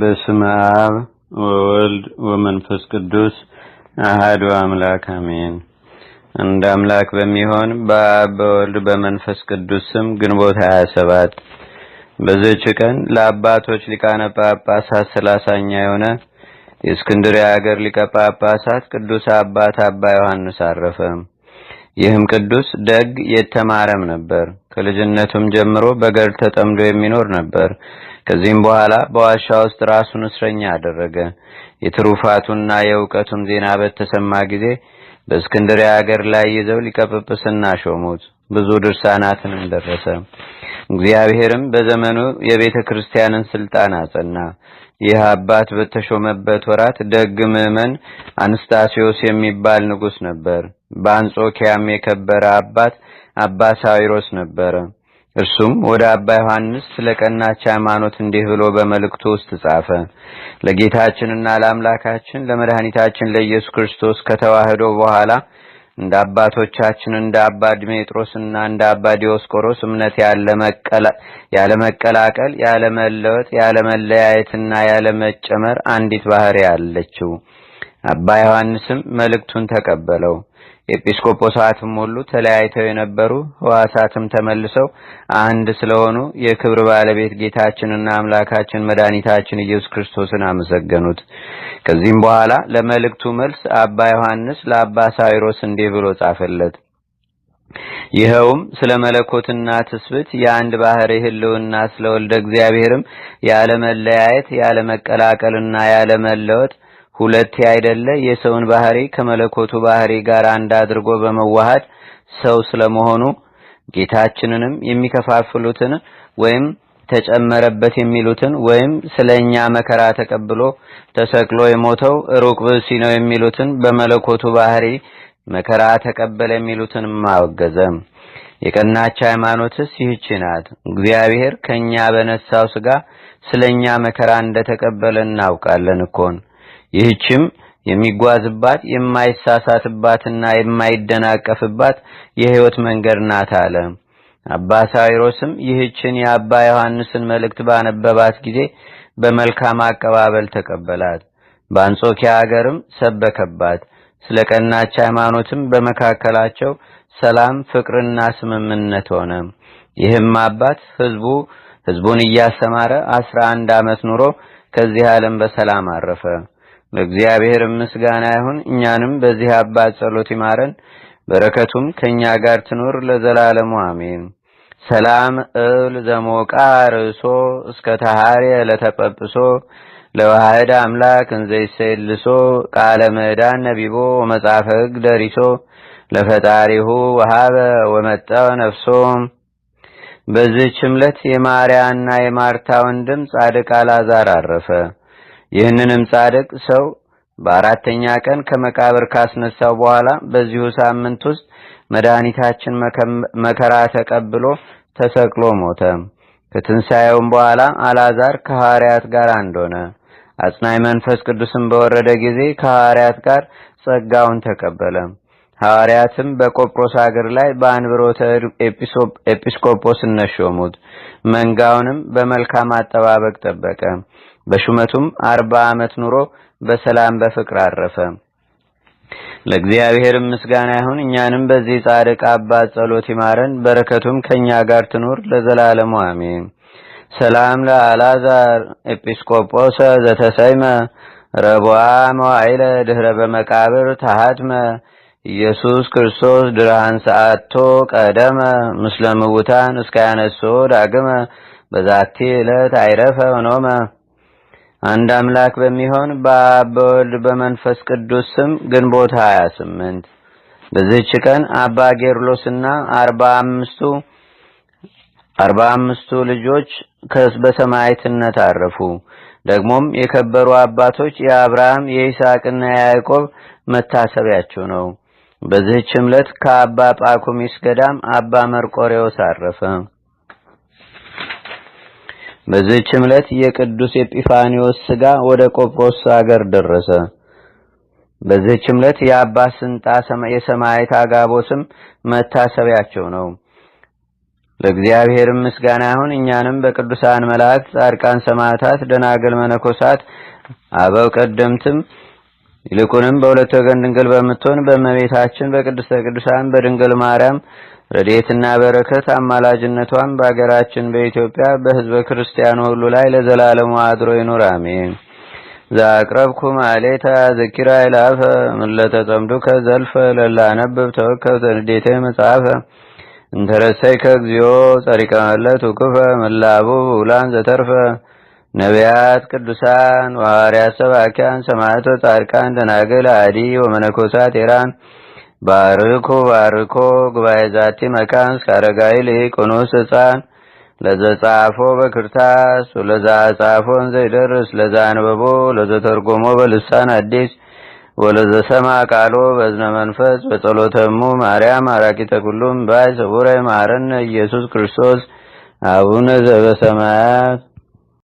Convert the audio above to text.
በስመ አብ ወወልድ ወመንፈስ ቅዱስ አህዱ አምላክ አሜን። አንድ አምላክ በሚሆን በአብ በወልድ በመንፈስ ቅዱስ ስም ግንቦት 27 በዚህች ቀን ለአባቶች ሊቃነ ጳጳሳት ሰላሳኛ የሆነ የእስክንድርያ አገር ሊቀ ጳጳሳት ቅዱስ አባት አባ ዮሐንስ አረፈ። ይህም ቅዱስ ደግ የተማረም ነበር። ከልጅነቱም ጀምሮ በገድል ተጠምዶ የሚኖር ነበር። ከዚህም በኋላ በዋሻ ውስጥ ራሱን እስረኛ አደረገ። የትሩፋቱና የእውቀቱም ዜና በተሰማ ጊዜ በእስክንድሪያ አገር ላይ ይዘው ሊቀ ሾሙት። ብዙ ድርሳናትንም ደረሰ። እግዚአብሔርም በዘመኑ የቤተ ክርስቲያንን ስልጣን አጸና። ይህ አባት በተሾመበት ወራት ደግ ምዕመን አንስታሲዮስ የሚባል ንጉሥ ነበር። በአንጾኪያም የከበረ አባት አባ ሳዊሮስ ነበረ። እርሱም ወደ አባ ዮሐንስ ስለ ቀናች ሃይማኖት እንዲህ ብሎ በመልእክቱ ውስጥ ጻፈ። ለጌታችንና ለአምላካችን ለመድኃኒታችን ለኢየሱስ ክርስቶስ ከተዋህዶ በኋላ እንደ አባቶቻችን እንደ አባ ድሜጥሮስና እንደ አባ ዲዮስቆሮስ እምነት ያለመቀላቀል፣ ያለመለወጥ፣ ያለመለያየትና ያለመጨመር አንዲት ባህሪ አለችው። አባ ዮሐንስም መልእክቱን ተቀበለው። ኤጲስቆጶሳትም ሁሉ ተለያይተው የነበሩ ሕዋሳትም ተመልሰው አንድ ስለሆኑ የክብር ባለቤት ጌታችንና አምላካችን መድኃኒታችን ኢየሱስ ክርስቶስን አመሰገኑት። ከዚህም በኋላ ለመልእክቱ መልስ አባ ዮሐንስ ለአባ ሳይሮስ እንዲህ ብሎ ጻፈለት። ይኸውም ስለ መለኮትና ትስብት የአንድ ባህሪ ህልውና ስለ ወልደ እግዚአብሔርም ያለ መለያየት ያለ መቀላቀልና ያለ መለወጥ ሁለት አይደለ የሰውን ባህሪ ከመለኮቱ ባህሪ ጋር አንድ አድርጎ በመዋሃድ ሰው ስለመሆኑ ጌታችንንም የሚከፋፍሉትን ወይም ተጨመረበት የሚሉትን ወይም ስለ እኛ መከራ ተቀብሎ ተሰቅሎ የሞተው ሩቅ ብእሲ ነው የሚሉትን በመለኮቱ ባህሪ መከራ ተቀበለ የሚሉትን አወገዘም። የቀናች ሃይማኖትስ ይህች ናት። እግዚአብሔር ከእኛ በነሳው ስጋ ስለ እኛ መከራ እንደተቀበለ እናውቃለን እኮን ይህችም የሚጓዝባት የማይሳሳትባትና የማይደናቀፍባት የህይወት መንገድ ናት አለ። አባ ሳዊሮስም ይህችን የአባ ዮሐንስን መልእክት ባነበባት ጊዜ በመልካም አቀባበል ተቀበላት። በአንጾኪያ አገርም ሰበከባት። ስለ ቀናች ሃይማኖትም በመካከላቸው ሰላም፣ ፍቅርና ስምምነት ሆነ። ይህም አባት ህዝቡ ህዝቡን እያሰማረ አስራ አንድ ዓመት ኑሮ ከዚህ ዓለም በሰላም አረፈ። ለእግዚአብሔር ምስጋና ይሁን። እኛንም በዚህ አባት ጸሎት ይማረን፣ በረከቱም ከእኛ ጋር ትኑር ለዘላለሙ አሜን። ሰላም እብል ዘሞቃ ርእሶ እስከ ታሃርየ ለተጰጵሶ ለዋህድ አምላክ እንዘይሰልሶ ቃለ ምዕዳን ነቢቦ ወመጽሐፈ ሕግ ደሪሶ ለፈጣሪሁ ወሃበ ወመጠወ ነፍሶ። በዚህች ዕለት የማርያና የማርታ ወንድም ጻድቅ አልዓዛር አረፈ። ይህንንም ጻድቅ ሰው በአራተኛ ቀን ከመቃብር ካስነሳው በኋላ በዚሁ ሳምንት ውስጥ መድኃኒታችን መከራ ተቀብሎ ተሰቅሎ ሞተ። ከትንሣኤውም በኋላ አላዛር ከሐዋርያት ጋር አንድ ሆነ። አጽናይ መንፈስ ቅዱስም በወረደ ጊዜ ከሐዋርያት ጋር ጸጋውን ተቀበለም። ሐዋርያትም በቆጵሮስ አገር ላይ በአንብሮተ ኤጲስቆጶስ ሾሙት። መንጋውንም በመልካም አጠባበቅ ጠበቀ። በሹመቱም አርባ ዓመት ኑሮ በሰላም በፍቅር አረፈ። ለእግዚአብሔር ምስጋና ይሁን። እኛንም በዚህ ጻድቅ አባት ጸሎት ይማረን፣ በረከቱም ከእኛ ጋር ትኑር ለዘላለሙ አሜን። ሰላም ለአልዓዛር ኤጲስቆጶሰ ዘተሰይመ ረቧ መዋይለ ድኅረ በመቃብር ታሃትመ ኢየሱስ ክርስቶስ ሰዓቶ ቀደመ ምስለ ምውታን እስካያነሶ ዳግመ በዛቲ ዕለት አይረፈ ኖመ። አንድ አምላክ በሚሆን በአብ በወልድ በመንፈስ ቅዱስ ስም ግንቦት 28 ስምንት በዚህች ቀን አባ ጌርሎስና አርባ አምስቱ አርባ አምስቱ ልጆች በሰማዕትነት አረፉ። ደግሞም የከበሩ አባቶች የአብርሃም የይስሐቅና የያዕቆብ መታሰቢያቸው ነው። በዚህች ዕለት ከአባ ጳኩሚስ ገዳም አባ መርቆሬዎስ አረፈ። በዚህች ዕለት የቅዱስ ኤጲፋኒዎስ ሥጋ ወደ ቆጵሮስ አገር ደረሰ። በዚህች ዕለት የአባ ስንጣ የሰማዕት አጋቦስም መታሰቢያቸው ነው። ለእግዚአብሔርም ምስጋና ይሁን። እኛንም በቅዱሳን መላእክት፣ ጻድቃን፣ ሰማዕታት፣ ደናግል፣ መነኮሳት፣ አበው ቀደምትም ይልቁንም በሁለት ወገን ድንግል በምትሆን በእመቤታችን በቅድስተ ቅዱሳን በድንግል ማርያም ረድኤትና በረከት አማላጅነቷን በአገራችን በኢትዮጵያ በሕዝበ ክርስቲያኑ ሁሉ ላይ ለዘላለሙ አድሮ ይኑር፣ አሜን። ዛቅረብኩ ማሌታ ዘኪራ ይላፈ ምለተጠምዱከ ከዘልፈ ለላነብብ ተወከብ ተንዴቴ መጽሐፈ እንተረሰይ ከእግዚኦ ጸሪቀመለት ውክፈ ምላቡ ውላን ዘተርፈ ነቢያት፣ ቅዱሳን፣ ዋርያ፣ ሰባኪያን፣ ሰማዕቶት፣ ጻድቃን፣ ደናግል፣ አዲ ወመነኮሳት ኤራን ባርኮ ባርኮ ጉባኤ ዛቲ መካን እስከ አረጋዊ ቁኑስ ህፃን ለዘጻፎ በክርታስ ወለዛ ጻፎን ዘይደርስ ለዛ አንበቦ ለዘተርጎሞ በልሳን አዲስ ወለዘሰማ ቃሎ በዝነ መንፈስ በጸሎተሙ ማርያም አራቂተ ኩሉም ባይ ሰቡረ ማረነ ኢየሱስ ክርስቶስ አቡነ ዘበሰማያት